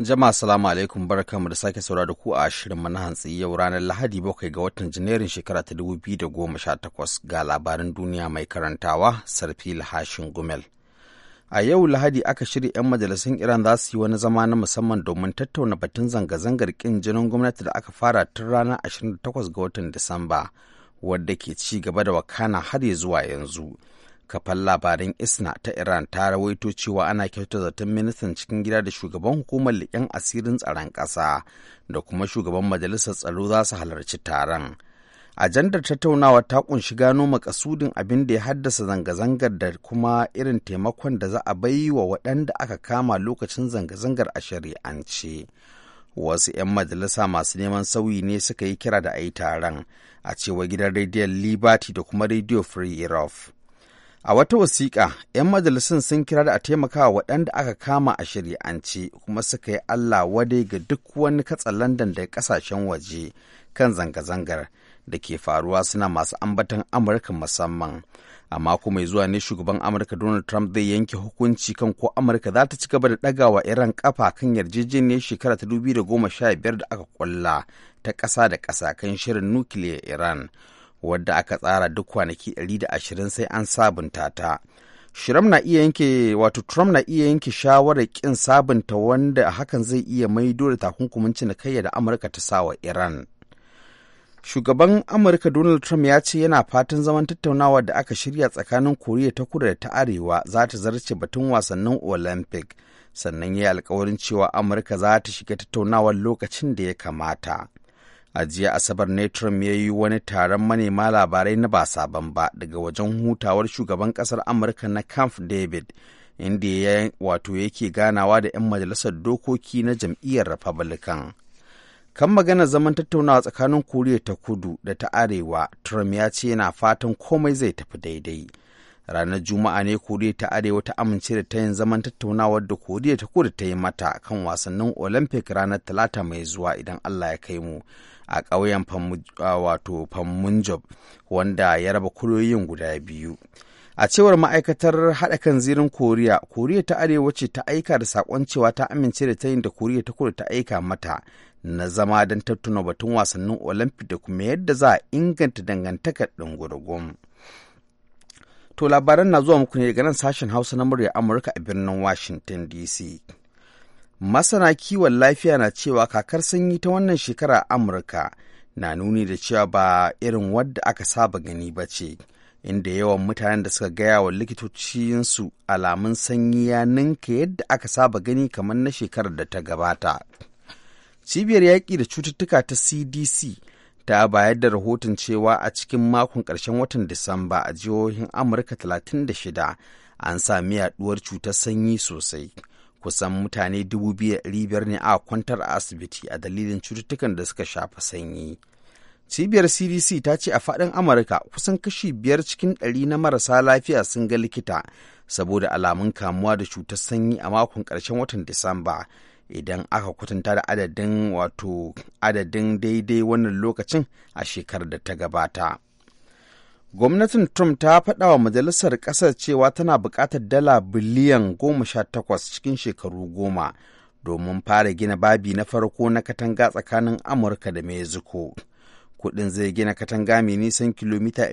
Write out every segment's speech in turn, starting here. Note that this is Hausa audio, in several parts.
Jama'a salamu alaikum barkamu da sake saura da ku a shirin na hantsi yau ranar Lahadi bakwai ga watan Janairun shekara ta dubu biyu da goma sha takwas ga labarin duniya mai karantawa sarfi lahashin Gumel. A yau Lahadi aka shirya 'yan majalisun Iran za su yi wani zama na musamman domin tattauna batun zanga-zangar kin jinin gwamnati da aka fara tun ranar 28 ga watan Disamba wadda ke ci gaba da wakana har ya zuwa yanzu. kafan labarin isna ta iran ta rawaito cewa ana kyauta zaton ministan cikin gida da shugaban hukumar leƙen asirin tsaron ƙasa da kuma shugaban majalisar tsaro za su halarci taron ajandar tattaunawa ta kunshi gano makasudin abin da ya haddasa zanga-zangar da kuma irin taimakon da za a bai wa waɗanda aka kama lokacin zanga-zangar a shari'ance wasu 'yan majalisa masu neman sauyi ne suka yi kira da a yi taron a cewa gidan rediyon liberty da kuma rediyo free europe A wata wasiƙa, 'yan majalisun sun kira da a taimaka wa waɗanda aka kama a shari'ance kuma suka yi Allah wadai ga duk wani katsalandan da ƙasashen waje kan zanga-zangar da ke faruwa suna masu ambatan Amurka musamman. a mako mai zuwa ne shugaban Amurka Donald Trump zai yanke hukunci kan ko Amurka za ta ci gaba da ɗagawa Iran kafa kan yarjejeniyar shekara ta 2015 da aka ƙulla ta ƙasa da ƙasa kan shirin nukiliyar Iran. wadda aka tsara duk kwanaki 120 sai an sabunta ta. Shiram na iya yanke wato Trump na iya yanke shawarar kin sabunta wanda hakan zai iya maido da takunkumin cinikayya da Amurka ta sa wa Iran. Shugaban Amurka Donald Trump ya ce yana fatan zaman tattaunawa da aka shirya tsakanin Koriya ta Kudu da ta Arewa za ta zarce batun wasannin Olympic, sannan ya yi alkawarin cewa Amurka za ta shiga tattaunawar lokacin da ya kamata. a jiya asabar ne trump ya yi wani taron manema labarai na ba sabon ba daga wajen hutawar shugaban kasar amurka na camp david inda ya wato yake ganawa da 'yan majalisar dokoki na jam'iyyar republican kan magana zaman tattaunawa tsakanin koriya ta kudu da ta arewa trump ya ce yana fatan komai zai tafi daidai ranar juma'a ne koriya ta arewa ta amince da ta yin zaman tattaunawar da koriya ta kudu ta yi mata kan wasannin olympic ranar talata mai zuwa idan allah ya kai mu a ƙauyen wato wanda ya raba kuloyin guda biyu. A cewar ma'aikatar haɗa kan zirin Koriya, Koriya ta Arewa ce ta aika da saƙon cewa ta amince da tayin da Koriya ta Kudu ta aika mata na zama don tattuna batun wasannin Olamfi da kuma yadda za a inganta dangantaka ɗin gurgun. To labaran na zuwa muku ne daga nan sashen Hausa na murya Amurka a birnin Washington DC. masana kiwon lafiya na cewa kakar sanyi ta wannan shekara a amurka na nuni da cewa ba irin wadda aka saba gani ba ce inda yawan mutanen da suka gaya wa likitocinsu alamun sanyi ya ninka yadda aka saba gani kamar na shekarar da ta gabata cibiyar yaƙi da cututtuka ta cdc ta bayar da rahoton cewa a cikin makon ƙarshen watan disamba a jihohin amurka 36 an sami yaduwar cutar sanyi sosai kusan mutane biyar ne a kwantar a asibiti a dalilin cututtukan da suka shafa sanyi. Cibiyar CDC ta ce a faɗin Amurka kusan kashi biyar cikin ɗari na marasa lafiya sun ga likita saboda alamun kamuwa da cutar sanyi a makon ƙarshen watan Disamba idan aka kwatanta da adadin wato adadin daidai wannan lokacin a shekarar da ta gabata. gwamnatin trump ta faɗa wa majalisar ƙasar cewa tana buƙatar dala biliyan goma sha takwas cikin shekaru goma domin fara gina babi na farko na katanga tsakanin amurka da mexico kuɗin zai gina katanga mai nisan kilomita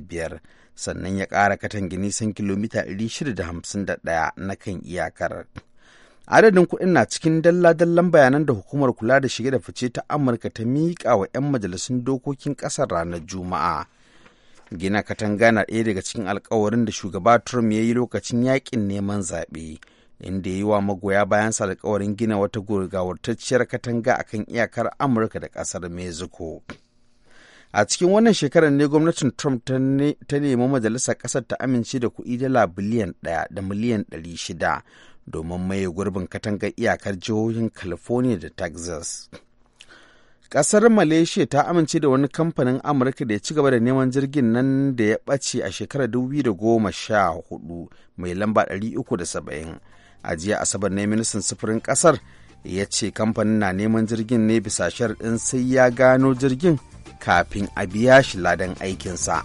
biyar, sannan ya ƙara katanga nisan kilomita ɗaya na kan iyakar adadin kuɗin na cikin dalla-dallan bayanan da hukumar kula da shige da fice ta amurka ta miƙa wa 'yan majalisun dokokin ƙasar ranar juma'a gina katanga na ɗaya daga cikin alkawarin da shugaba trump ya yi lokacin yakin neman zaɓe inda ya yi wa magoya bayansa alkawarin gina wata gurgawartacciyar katanga a kan iyakar amurka da ƙasar mexico a cikin wannan shekarar ne gwamnatin trump ta nemi majalisar ƙasar ta amince da kuɗi dala biliyan ɗaya da miliyan ɗari shida domin maye gurbin katangar iyakar jihohin california da texas Ƙasar Malaysia ta amince da wani kamfanin Amurka da ya ci gaba da neman jirgin nan da ya ɓace a shekarar 2014 mai lamba 370. A jiya Asabar ne ministan sufurin ƙasar ya ce kamfanin na neman jirgin ne bisa sharaɗin sai ya gano jirgin kafin a biya shi ladan aikinsa.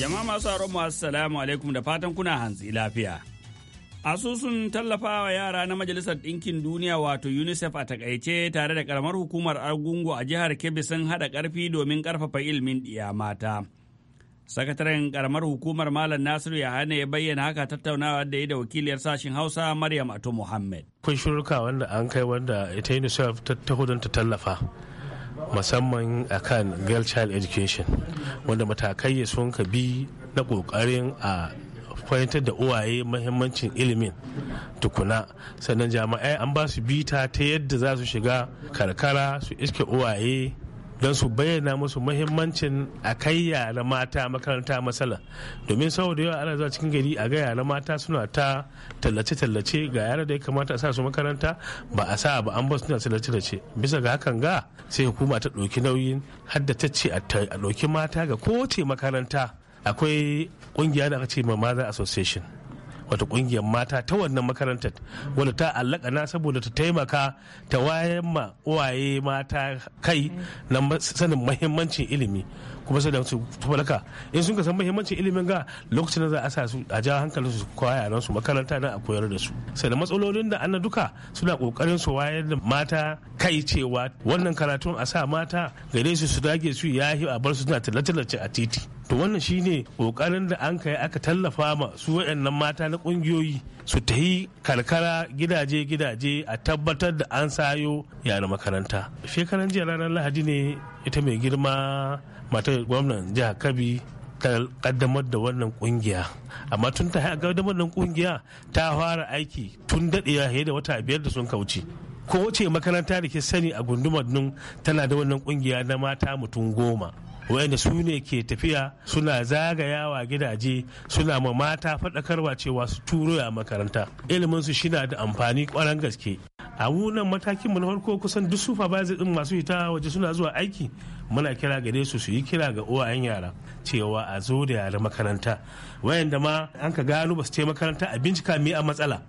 Jama'a masu haron mu assalamu alaikum da fatan kuna hantsi lafiya. Asusun tallafawa yara na Majalisar Ɗinkin Duniya wato UNICEF a takaice tare da karamar hukumar Argungu a jihar Kebbi sun haɗa ƙarfi domin ƙarfafa ilimin ɗiya mata. Sakataren karamar hukumar Malam Nasiru hana ya bayyana haka tattaunawa da ya da wakiliyar sashen Hausa Maryam Ato Muhammad. Kun shirka wanda an kai wanda ita UNICEF ta taho ta tallafa. musamman akan girl child education wanda matakai ya sun ka bi na kokarin a fahimtar da uwaye mahimmancin ilimin tukuna sannan jami'ai an ba su bita ta yadda za su shiga karkara su iske uwaye don su bayyana musu muhimmancin a kai yara mata makaranta matsala domin saboda yawa ana zuwa cikin gari a ga yara mata suna ta tallace-tallace ga yara da ya kamata a sa su makaranta ba a sa ba an ba suna tallace-tallace bisa ga hakan ga sai hukuma ta ɗauki nauyin hadda ta ce a ɗauki mata ga kowace makaranta akwai ƙungiya da aka ce ma mother association wata kungiyar mata ta wannan makarantar wadda ta allaka na saboda ta taimaka ta wayan ma uwaye mata kai na sanin mahimmancin ilimi kuma sai da su tubalaka in sun san mahimmancin ilimin ga lokacin da za a sa su a ja hankalin su koya nan su makaranta na a koyar da su sai da matsalolin da an duka suna kokarin su wayar da mata kai cewa wannan karatun a sa mata gare su su dage su yahi a bar su suna tallace a titi to wannan shi ne kokarin da an kai aka tallafa ma su waɗannan mata na ƙungiyoyi su ta yi karkara gidaje-gidaje a tabbatar da an sayo yara makaranta shekaran jiya ranar lahadi ne ita mai girma matar gwamnan jihar kabi ta kaddamar da wannan kungiya amma tun ta kaddamar da kungiya ta fara aiki tun daɗewa da wata biyar da sun kauce ko kowace makaranta da ke sani a gundumar nun tana da wannan kungiya na mata mutum goma wayanda su ne ke tafiya suna zagayawa gidaje suna ma mata faɗakarwa cewa su turo a makaranta ilimin su shina da amfani kwaran gaske a wunan matakin mu na farko kusan duk zai din masu hita waje suna zuwa aiki muna kira gare su su yi kira ga uwayen yara cewa a zo da yara makaranta wayanda ma an ka gano ba su je makaranta a bincika me a matsala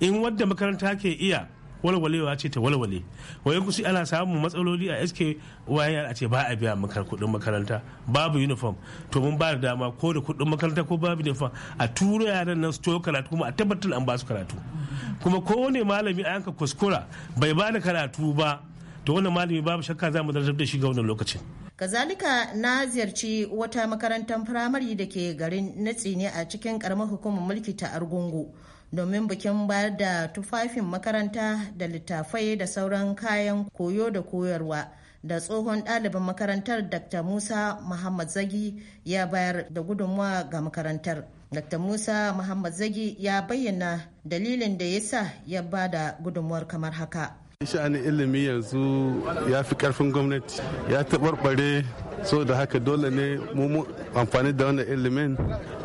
in wadda makaranta ke iya walwalewa ce ta walwale waye kusi ana samun matsaloli a sk wayan a ce ba a biya maka kuɗin makaranta babu uniform to mun ba da dama ko da kuɗin makaranta ko babu uniform a turo yaran nan su karatu kuma a tabbatar an ba su karatu kuma ko wani malami a yanka kuskura bai ba da karatu ba to wannan malami babu shakka za mu zartar da shi ga wannan lokacin kazalika na ziyarci wata makarantar firamare da ke garin natsi ne a cikin karamar hukumar mulki ta argungu domin bikin bayar da tufafin makaranta da littafai da sauran kayan koyo da koyarwa da tsohon ɗalibin makarantar dr musa muhammad zagi ya bayar da gudunmawa ga makarantar dr musa muhammad zagi ya bayyana dalilin da ya sa ya ba da gudunmuwar kamar haka sha'anin ilimi yanzu ya fi karfin gwamnati ya taɓarɓare so da haka dole ne mu amfani da wannan ilimin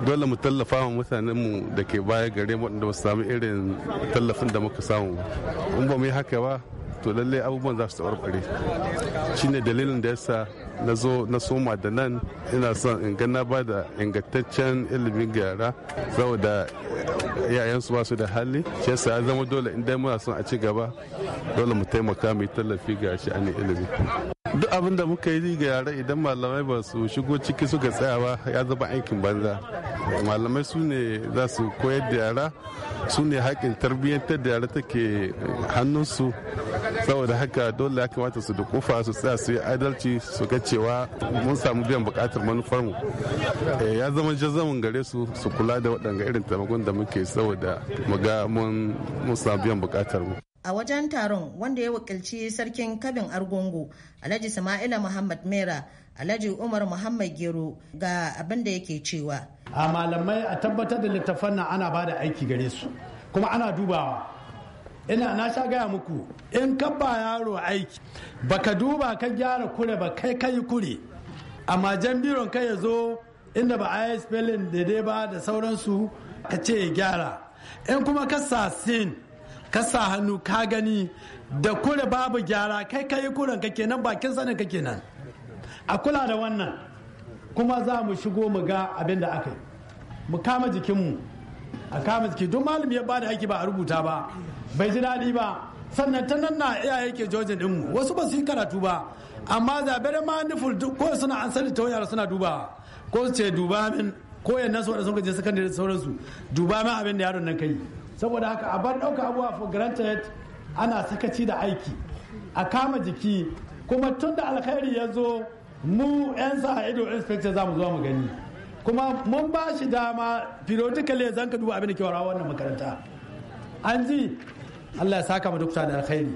dole mu tallafa wa mutanen mu da ke baya gare waɗanda ba su samu irin tallafin da muka samu in ba mu yi haka ba to lallai abubuwan za su taɓarɓare shine dalilin da yasa na zo na soma da nan ina son in ga na ba da ingantaccen ilimin ga yara saboda yayansu ba su da hali shi yasa ya zama dole in dai muna son a ci gaba dole mu taimaka mu tallafi ga shi ne ilimi duk abin da muka yi ga yara idan malamai ba su shigo ciki suka tsaya ba ya zama aikin banza malamai su ne za su koyar da yara su ne haƙin tarbiyyantar da yara take hannunsu saboda haka dole ya kamata su da kofa su sa su yi adalci su ga cewa mun samu biyan bukatar manufarmu eh, ya zama jazamin gare su su kula da waɗanga irin taimakon da muke saboda mu ga mun samu biyan bukatar mu a wajen taron wanda ya wakilci sarkin kabin argungu alhaji sama'ila muhammad mera alhaji umar muhammad gero ga abin da yake cewa a malamai a tabbatar da littafan nan ana ba da aiki gare su kuma ana dubawa ina na sha gaya muku in ka ba yaro aiki baka duba ka gyara kure ba kai kai kure amma jan biron kai ya zo inda ba a spelling da daidai ba da sauransu ka ce ya gyara in kuma ka sa sin ka sa hannu ka gani da kure babu gyara kai kai kuren ka kenan bakin sanin ka kenan a kula da wannan kuma za mu shigo mu ga abin da aka yi mu kama jikinmu a kamis ke don malami ya bada aiki ba a rubuta ba bai ji daɗi ba sannan ta nan na iyaye ke jojin ɗinmu wasu ba su yi karatu ba amma zaɓe ma nufin ko suna an sani ta suna duba ko su ce duba min ko yan nasu wanda sun gaje sakandare da sauransu duba min abin da yaron nan kai saboda haka a bar ɗauka abuwa for granted ana sakaci da aiki a kama jiki kuma tun da alkhairi ya zo mu 'yan sa ido inspector za mu zo mu gani kuma mun ba shi dama periodically zan ka duba abin da ke warawa wannan makaranta an ji Allah ya saka mu dukta da alkhairi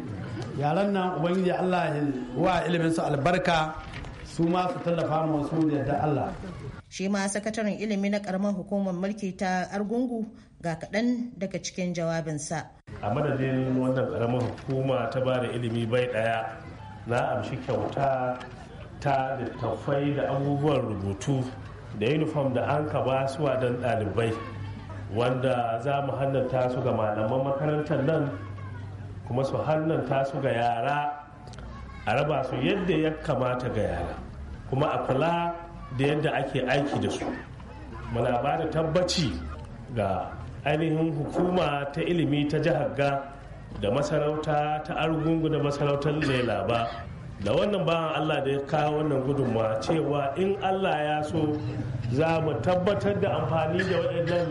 yaran nan ubangiji Allah ya wa ilimin su albarka su ma su tallafa mu su da yadda Allah shi ma sakataren ilimi na karamar hukumar mulki ta argungu ga kaɗan daga cikin jawabinsa a madadin wannan karamar hukuma ta ba da ilimi bai ɗaya na amshi kyauta ta littattafai da abubuwan rubutu da uniform da an ka ba wa don ɗalibai wanda za mu hannanta su ga malaman makarantar nan kuma su hannanta su ga yara a raba su yadda ya kamata ga yara kuma a kula da yadda ake aiki da su muna ba da tabbaci ga ainihin hukuma ta ilimi ta jihar ga da masarauta ta argungu da masarautar lela ba da wannan ba allah da ya kawo wannan gudunmawa cewa in allah ya so za mu tabbatar da amfani da waɗannan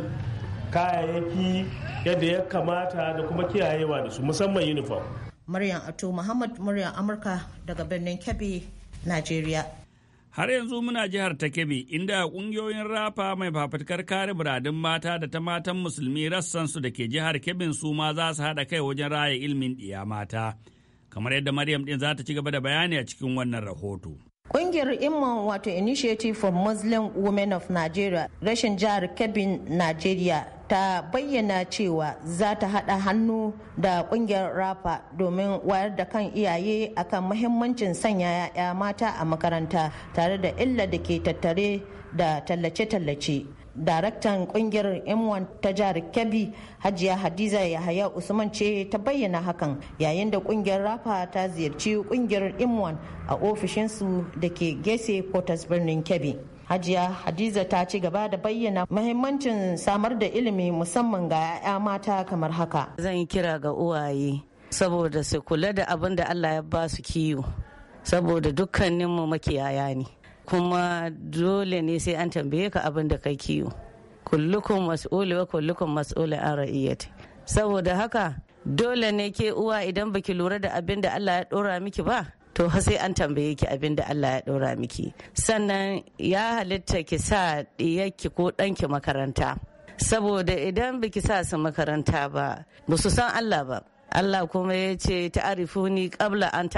kayayyaki yadda ya kamata da kuma kiyayewa da su musamman uniform maryam ato muhammad muryar amurka daga birnin kebbi nigeria har yanzu muna jihar ta kebe inda kungiyoyin rafa mai fafutukar kare buradun mata da ta matan musulmi rassansu da ke jihar kebin su ma za su haɗa kai wajen raya ilmin ɗiya mata kamar yadda Maryam din za ta ci gaba da bayani a cikin wannan rahoto. kungiyar Imman wato Initiative for Muslim Women of Nigeria rashin jihar kebbin Nigeria ta bayyana cewa za ta haɗa hannu da kungiyar rafa domin wayar da kan iyaye akan mahimmancin sanya 'ya'ya mata a makaranta tare da illa da ke tattare da tallace-tallace daraktan kungiyar m1 ta jihar kebbi hajiya hadiza yahaya usman ce ta bayyana hakan yayin da kungiyar rafa ta ziyarci kungiyar m1 a ofishinsu da ke gese portas birnin kebbi hajiya hadiza ta ci gaba da bayyana mahimmancin samar da ilimi musamman ga 'ya'ya mata kamar haka zan yi kira ga uwaye saboda su kula da abin da allah ya ba su kiwo saboda dukkaninmu makiyaya ne kuma dole ne sai an tambaye ka abin da ka kiwo kullukun mas'ul wa kullukun mas'ul an ra'iyyati saboda haka dole ne ke uwa idan baki lura da abin da Allah ya dora miki ba to sai an tambaye ki abin da Allah ya ɗora miki sannan ya halitta ki sa ɗiyarki ko ɗanki makaranta saboda idan baki sa su makaranta ba ba su san Allah ba Allah kuma ya ce ni kabla an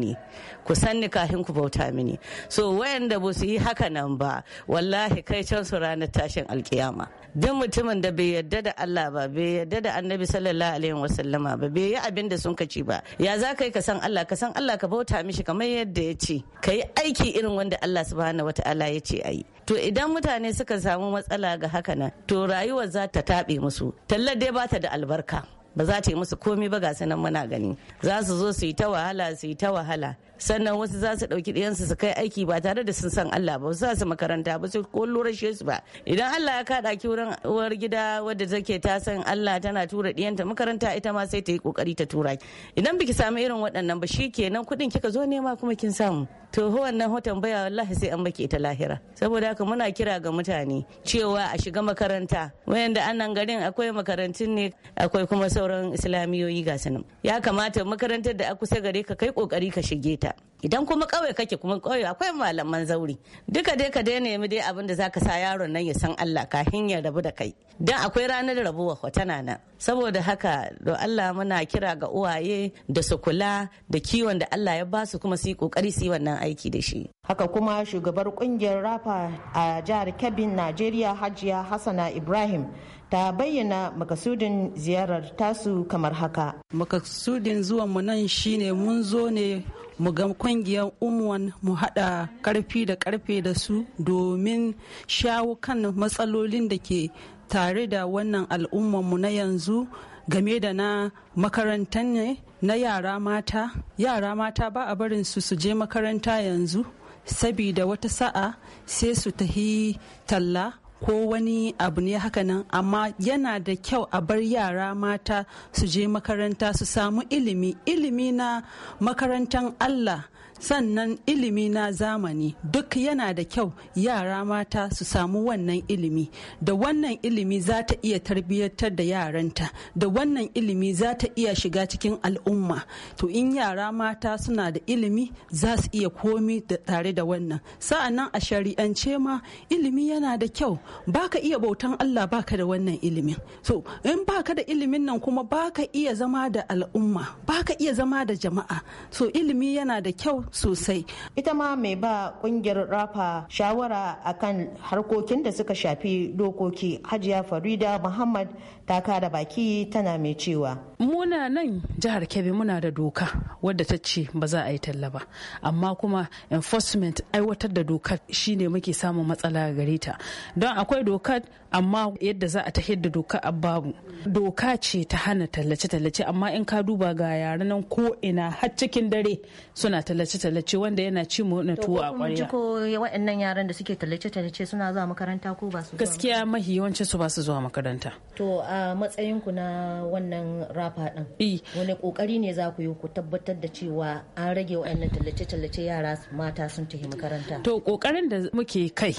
ni ku sanni kafin ku bauta mini so wayanda ba su yi haka nan ba wallahi kai can su ranar tashin alkiyama duk mutumin da bai yarda da Allah ba bai yarda da Annabi sallallahu alaihi wasallama ba bai yi abin da sun kaci ba ya za kai ka san Allah ka san Allah ka bauta mishi kamar yadda ya ce ka yi aiki irin wanda Allah subhanahu wataala ya ce ayi to idan mutane suka samu matsala ga haka nan to rayuwar za ta taɓe musu tallar dai ba da albarka ba za ta yi musu komai ba ga sanan muna gani za su zo su yi ta wahala su yi ta wahala sannan wasu za su ɗauki ɗiyansu su kai aiki ba tare da sun san Allah ba za su makaranta ba su ko lura su ba idan Allah ya kaɗa ki wurin uwar gida wadda take ta san Allah tana tura ɗiyanta makaranta ita ma sai ta yi kokari ta tura ki idan biki samu irin waɗannan ba shi kenan kuɗin kika zo nema kuma kin samu to wannan hoton baya wallahi sai an baki ita lahira saboda haka muna kira ga mutane cewa a shiga makaranta wayanda anan garin akwai makarantun ne akwai kuma sauran islamiyoyi ga ya kamata makarantar da a kusa gare ka kai kokari ka shige ta idan kuma ƙauye kake kuma ƙauye akwai malaman zauri duka dai ka dai nemi dai abin da zaka sa yaron nan ya san Allah ka ya rabu da kai dan akwai ranar rabuwa tana nan saboda haka do Allah muna kira ga uwaye da su kula da kiwon da Allah ya basu kuma su yi kokari su yi wannan aiki da shi haka kuma shugabar kungiyar rafa a jihar Kebbi Najeriya Hajiya Hassana Ibrahim ta bayyana makasudin ziyarar tasu kamar haka. Makasudin zuwan mu nan shine mun zo ne mu ga kungiyar umuwan mu haɗa ƙarfi da karfe da su domin shawo kan matsalolin da ke tare da wannan al'ummanmu na yanzu game da na makarantar ne na yara mata yara mata ba a barin su su je makaranta yanzu sabida wata sa'a sai su tahi talla ko wani abu ne haka nan, amma yana da kyau a bar yara mata su je makaranta su samu ilimi ilimi na makarantar allah sannan ilimi na zamani duk yana da kyau yara mata su samu wannan ilimi da wannan ilimi za ta iya tarbiyyantar da yaranta da wannan ilimi za ta iya shiga cikin al'umma to in yara mata suna da ilimi za su iya komi da tare da wannan sa'annan a shari'ance ma ilimi yana da kyau baka iya bautan Allah baka da wannan ilimin so in baka da ilimin nan kuma baka iya zama da al'umma baka iya zama da jama'a so ilimi yana da kyau sosai ita ma mai ba kungiyar rafa shawara akan harkokin da suka shafi dokoki hajiya farida muhammad ta kada baki tana mai cewa muna nan jihar kebbi muna da doka wadda ta ce ba za a yi talla ba amma kuma enforcement aiwatar da dokar shine muke samun matsala gare ta don akwai dokar amma yadda za a tahir da doka a babu doka ce ta hana tallace-tallace amma in ka duba ga yaran nan ko ina har cikin dare suna tallace tallace wanda yana ci mu na tuwa a kwarya. ko waɗannan yaran da suke tallace tallace suna zuwa makaranta ko ba su Gaskiya mahi su ba su zuwa makaranta. To a matsayin ku na wannan rafa din. Wani kokari ne za ku yi ku tabbatar da cewa an rage waɗannan tallace tallace yara mata sun tafi makaranta. To kokarin da muke kai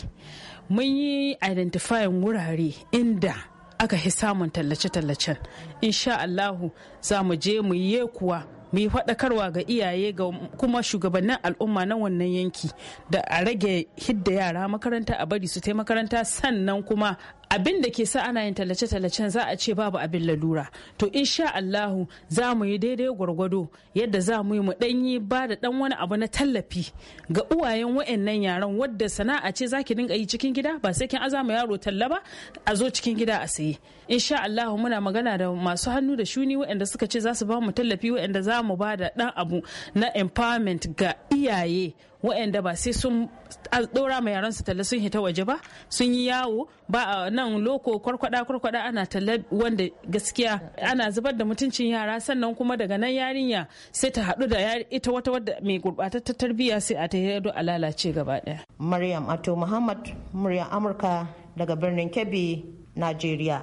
mun yi identifying wurare inda aka fi samun tallace-tallacen insha Allahu za mu je mu yi kuwa mu faɗakarwa ga iyaye ga kuma shugabannin al'umma na wannan yanki da a rage hidda yara makaranta a bari su tai makaranta sannan kuma abin da ke sa ana yin tallace-tallacen za a ce babu abin lalura to in sha Allahu za mu yi daidai gwargwado yadda za mu yi mu dan yi ba da dan wani abu na tallafi ga uwayen wayannan yaran wadda sana'a ce zaki dinga yi cikin gida ba sai kin azama yaro talla ba a zo cikin gida a saye insha Allah muna magana da masu hannu da shuni waɗanda suka ce za su ba mu tallafi waɗanda za mu ba da ɗan abu na empowerment ga iyaye waɗanda ba sai sun ɗora ma yaran su talla sun hita waje ba sun yi yawo ba a nan loko kwarkwada kwarkwada ana talla wanda gaskiya ana zubar da mutuncin yara sannan kuma daga nan yarinya sai ta hadu da ita wata wadda mai gurɓatattar tarbiyya sai a ta yado a lalace gaba ɗaya. Maryam Ato Muhammad, muryar Amurka daga birnin Kebbi, najeriya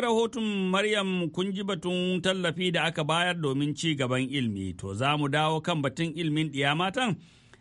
rahoton Maryam kun ji batun tallafi da aka bayar domin ci gaban ilmi, to za mu dawo kan batun ilmin ɗiya matan.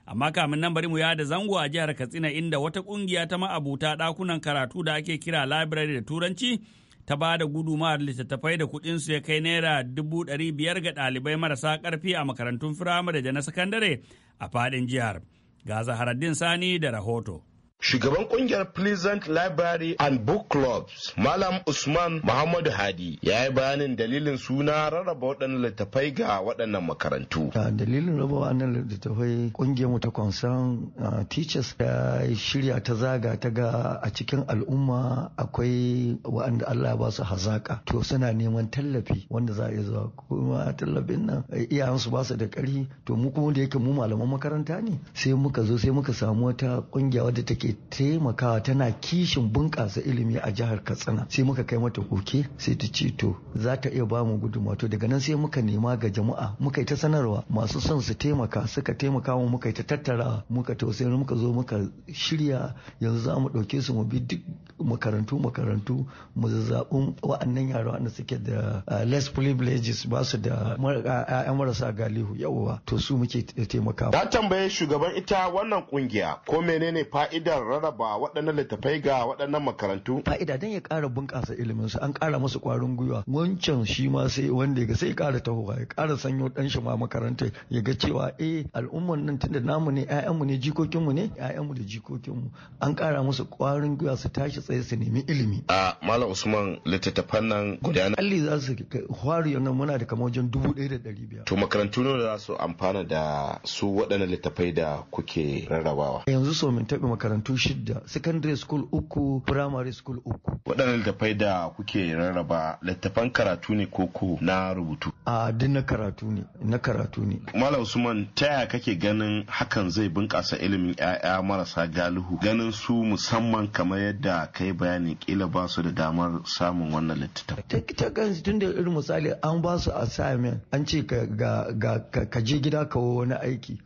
Amma kamin nan bari mu yada zango a jihar Katsina inda wata ƙungiya ta ma'abuta ɗakunan karatu da ake kira library da Turanci ta ba da gudumar littattafai da kuɗinsu ya kai naira dubu ɗari biyar ga ɗalibai marasa ƙarfi a makarantun firamare da na sakandare a faɗin jihar. Ga Zaharaddin Sani da rahoto. Shugaban kungiyar Pleasant Library and Book Clubs, Malam Usman Muhammadu Hadi, ya yi bayanin dalilin suna rarraba waɗannan littattafai ga waɗannan makarantu. Dalilin raba waɗannan littattafai kungiyar mu ta concern uh, teachers ta shirya ta zaga ta ga a cikin al'umma akwai waɗanda Allah ba su hazaka. To suna neman tallafi wanda za a iya zuwa kuma tallafin nan eh, iyayensu ba su da ƙarfi to mu kuma da yake mu malaman makaranta ne sai muka zo sai muka samu wata ƙungiya wadda take take taimakawa tana kishin bunƙasa ilimi a jihar katsina sai muka kai mata koke sai ta ce to za ta iya ba mu gudunmawa to daga nan sai muka nema ga jama'a muka yi ta sanarwa masu son su taimaka suka taimaka mu muka yi ta tattara muka sai muka zo muka shirya yanzu za mu ɗauke su mu bi duk makarantu makarantu mu zaɓin wa'annan yara wanda suke da less privileges ba su da ƴaƴan marasa galihu yawa to su muke taimakawa. ta tambaye shugaban ita wannan kungiya ko menene fa'ida hanyar rarraba waɗannan littattafai ga waɗannan makarantu. Fa'ida don ya ƙara bunƙasa ilimin su an ƙara masa ƙwarin gwiwa wancan shi ma sai wanda ya sai kara ƙara tahowa ya ƙara sanyo ɗan shi ma makaranta ya ga cewa eh al'umman nan tunda namu ne mu ne jikokinmu ne mu da jikokinmu an ƙara musu ƙwarin gwiwa su tashi tsaye su nemi ilimi. A Malam Usman littattafan nan gudanar. Alli za su hwari nan muna da kamar wajen dubu ɗaya da ɗari biyar. To makarantu ne za su amfana da su waɗannan littattafai da kuke rarrabawa. Yanzu so min taɓa makarantu makarantu shidda secondary school uku primary school uku waɗannan littattafai da kuke rarraba littattafan karatu ne koko na rubutu a duk na karatu ne na karatu ne malam usman ta yaya kake ganin hakan zai bunƙasa ilimin 'ya'ya marasa galihu ganin su musamman kamar yadda kai bayani kila ba su da damar samun wannan littattafai ta kansu tun da irin misali an ba su assignment an ce ka je gida kawo wani aiki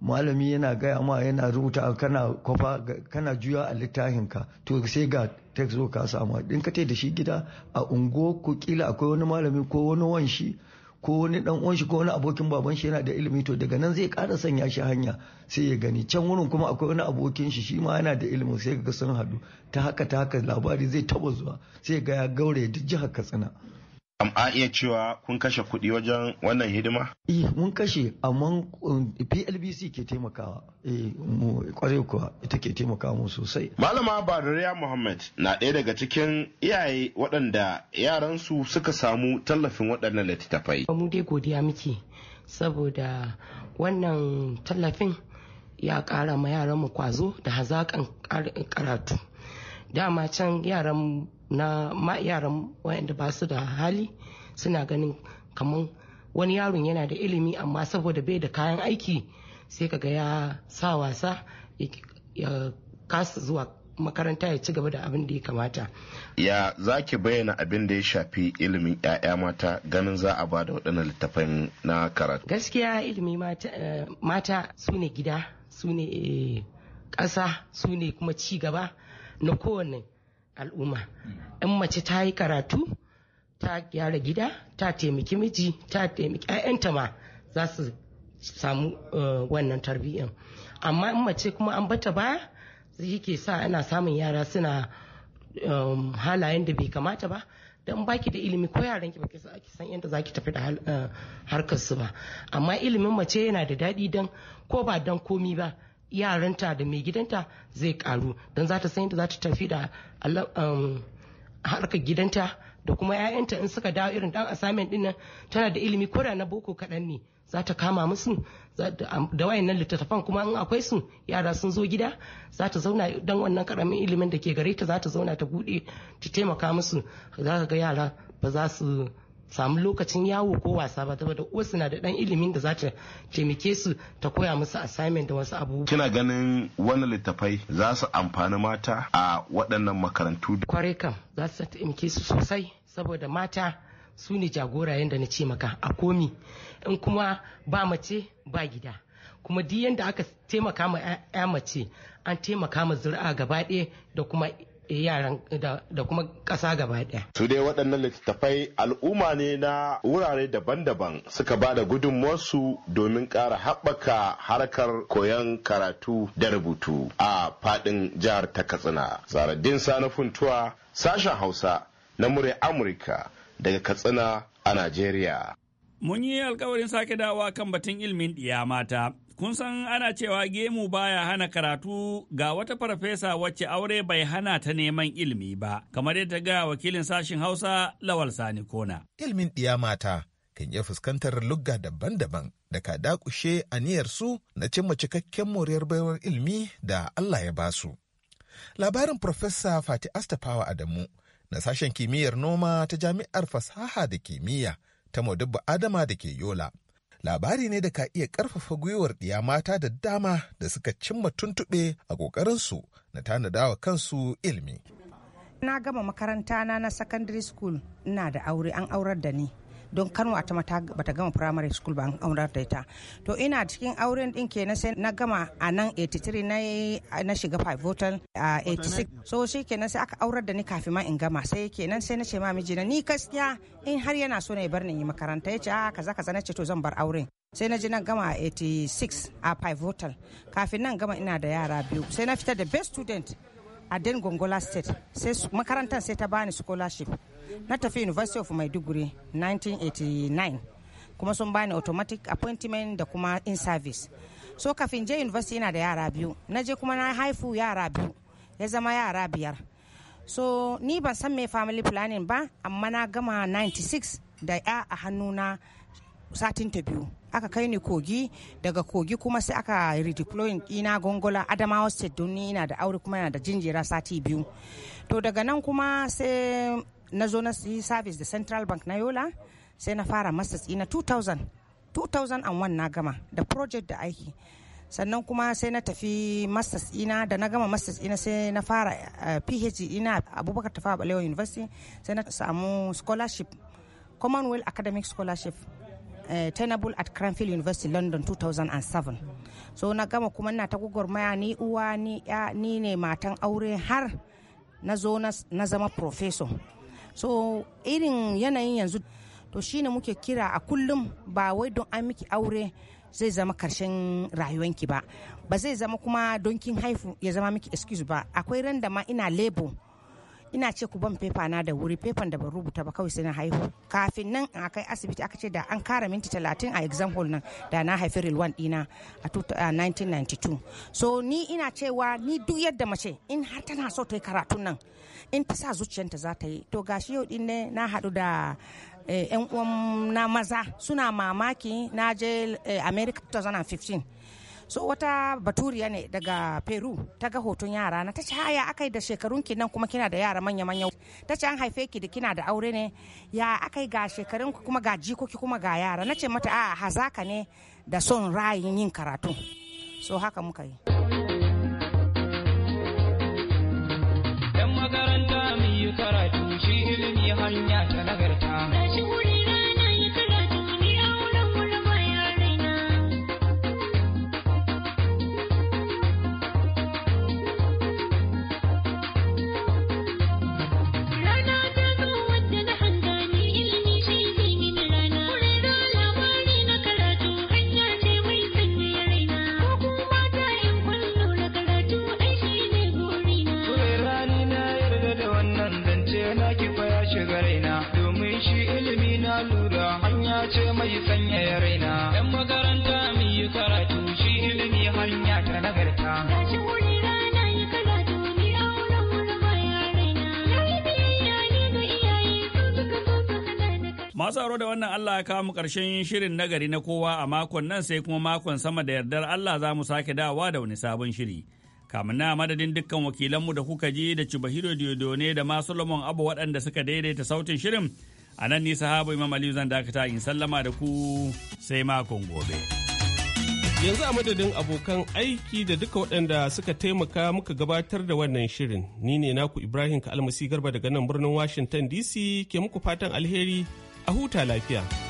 malami yana gaya ma yana rubuta kana kwafa kana juya a littafinka to sai ga text zo ka samu in ka da shi gida a ungo ku kila akwai wani malami ko wani wanshi ko wani dan uwanshi ko wani abokin baban shi yana da ilimi to daga nan zai ƙara sanya shi hanya sai ya gani can wurin kuma akwai wani abokin shi shi ma yana da ilimi sai ga sun hadu ta haka ta haka labari zai taba zuwa sai ga ya gaure duk jihar Katsina Am a iya cewa kun kashe kuɗi wajen wannan hidima? Eh mun kashe amma um, PLBC ke taimakawa. Eh mu kuwa ita ke taimakawa mu sosai. Malama Badariya Muhammad na ɗaya daga cikin iyaye waɗanda yaransu suka samu tallafin waɗannan littattafai. Mu dai godiya muke saboda wannan tallafin ya ƙara ma yaran mu kwazo da hazaƙan karatu. Dama can yaran na ma yaran wayanda ba su da hali suna ganin kamar wani yaron yana da ilimi amma saboda bai da kayan aiki sai kaga ya sa wasa ya kasa zuwa makaranta ya ci gaba da abin da ya kamata. Ya za ki bayyana abin da ya shafi ilimin 'ya'ya mata ganin za a ba da waɗannan littafan na karatu. Gaskiya ilimi mata eh, su ne gida su ne eh, ƙasa su ne kuma ci gaba na kowanne. al'umma in mace ta yi karatu ta gyara gida ta taimaki miji ta taimaki 'ya'yanta ma za su samu eh, wannan tarbiyyar amma in mace kuma an bata baya yake sa ana samun yara suna um, halayen da bai kamata ba don baki da ilimi ko yaran ki baki san yadda zaki tafi da eh, harkar su ba amma ilimin mace yana da daɗi don ko ba don komi ba yaranta da mai gidanta zai karu don za ta san yadda za ta tafi da um, harkar gidanta da kuma 'ya'yanta in suka dawo irin dan assignment din nan tana da ilimi kura na boko kaɗan ne za ta kama musu um, da wayannan littattafan kuma in akwai su yara sun zo gida za ta zauna dan wannan karamin ilimin da ke gare ta za ta zauna ta bude ta taimaka musu za ka ga yara ba za su samu lokacin yawo ko wasa ba saboda wasu na da dan ilimin da za ta taimake su ta koya musu assignment da wasu abubuwa kina ganin wannan littafai za su amfani mata a waɗannan makarantu kwarai kam za su taimake su sosai saboda mata su ne jagorayen da na ce maka a komi in kuma ba mace ba gida kuma duk yadda aka taimaka ma 'ya mace an taimaka ma zuri'a gaba ɗaya da kuma Eh, yaran da kuma ƙasa gaba ɗaya. Su dai waɗannan littattafai al'umma ne na wurare daban-daban suka ba da gudunmuwarsu domin ƙara haɓaka harkar koyon karatu da rubutu a faɗin jihar ta Katsina. Zaradin Sani Funtuwa, sashen Hausa na murya Amurka daga Katsina a Najeriya. Mun yi alkawarin sake dawa kan batun ilimin ɗiya mata. Kun san ana cewa gemu baya hana karatu ga wata farfesa wacce aure bai hana ta neman ilimi ba, kamar yadda ga wakilin sashin Hausa Lawal Sani Kona. Ilimin ɗiya mata kan iya fuskantar lugga daban-daban da ka dakushe aniyarsu na cimma cikakken moriyar baiwar ilimi da Allah ya basu. Labarin Farfesa Fati Astafawa Adamu na sashen kimiyyar noma ta jami'ar fasaha da kimiyya ta Modibba Adama da ke Yola. labari ne da ka iya karfafa gwiwar ɗiya mata da dama da suka cimma tuntuɓe a ƙoƙarinsu na tanadawa kansu ilimi. Na gama makaranta na na secondary school ina da aure an aurar da ni. don Kano a ta ba ta gama primary school ba an aurar da ita to ina cikin auren din ke sai na gama a nan 83 na na shiga five hotel a 86 so shi kenan sai aka aurar da ni kafin ma in gama sai kenan sai na ce ma mijina ni gaskiya in har yana so na bar ni makaranta ya ce a kaza kaza na ce to zan bar auren sai na je na gama a 86 a five hotel kafin nan gama ina da yara biyu sai na fita da best student a den gongola state sai makarantar sai ta bani scholarship na tafi university of maiduguri 1989 kuma sun bani automatic appointment da kuma in service so kafin je university yana da yara biyu na je kuma na haifu yara biyu ya zama yara biyar so ni ban san mai family planning ba amma na gama 96 da ya a hannuna satin ta biyu aka kai ni kogi daga kogi kuma sai aka redeploying ina gongola adamawa state don ni ina da aure kuma yana da jinjira sati biyu to daga nan kuma sai na zo na yi service da central bank na yola sai na fara masters ina 2000 2001 na gama da project da aiki sannan kuma sai na tafi masters ina da na gama masters ina sai na fara eh, phd ina abubakar tafa balewa university sai na samu scholarship commonwealth academic scholarship eh, tenable at cranfield university london 2007 so na gama kuma na ta gwagwarmaya ni uwa ni ya ni ne matan aure har na zo na zama professor so irin yanayin yanzu to shine muke kira a kullum ba wai don an miki aure zai zama karshen rayuwanki ba ba zai zama kuma don kin haifu ya zama miki excuse ba akwai randa ma ina lebo ina ce ku ban fefa na da wuri fefan da ban rubuta ba kawai sai na haihu kafin nan a kai asibiti aka ce da an kara minti talatin a exam hall nan da na haifi rilwan dina a 1992 so ni ina cewa ni duk yadda mace in har tana so ta yi karatun nan in ta sa zuciyanta za ta yi to gashi yau din ne na haɗu da yan eh, uwan na maza suna mamaki na je eh, america 2015 so wata baturiya ne daga peru ta ga hoton yara na ta ce haya yi da shekarun ki nan kuma kina da yara manya manya ta ce an haife ki da kina da aure ne ya akai ga shekarun ku kuma ga jikoki kuma ga yara na ce mata a hazaka ne da son ra'ayin yin karatu so haka muka yi karatu shi ilimi hanya ta nagarta Masu da wannan Allah ya kawo mu karshen shirin nagari na kowa a makon nan sai kuma makon sama da yardar Allah za mu sake dawa da wani sabon shiri. Kamun na madadin dukkan wakilanmu da kuka je da Cibahiro Diodone da ma Solomon Abu waɗanda suka daidaita sautin shirin. A nan ni sahabu Imam Aliyu zan dakata in sallama da ku sai makon gobe. Yanzu a madadin abokan aiki da duka waɗanda suka taimaka muka gabatar da wannan shirin. Ni ne naku Ibrahim Kalmasi Garba daga nan birnin Washington DC ke muku fatan alheri. a huta lafiya.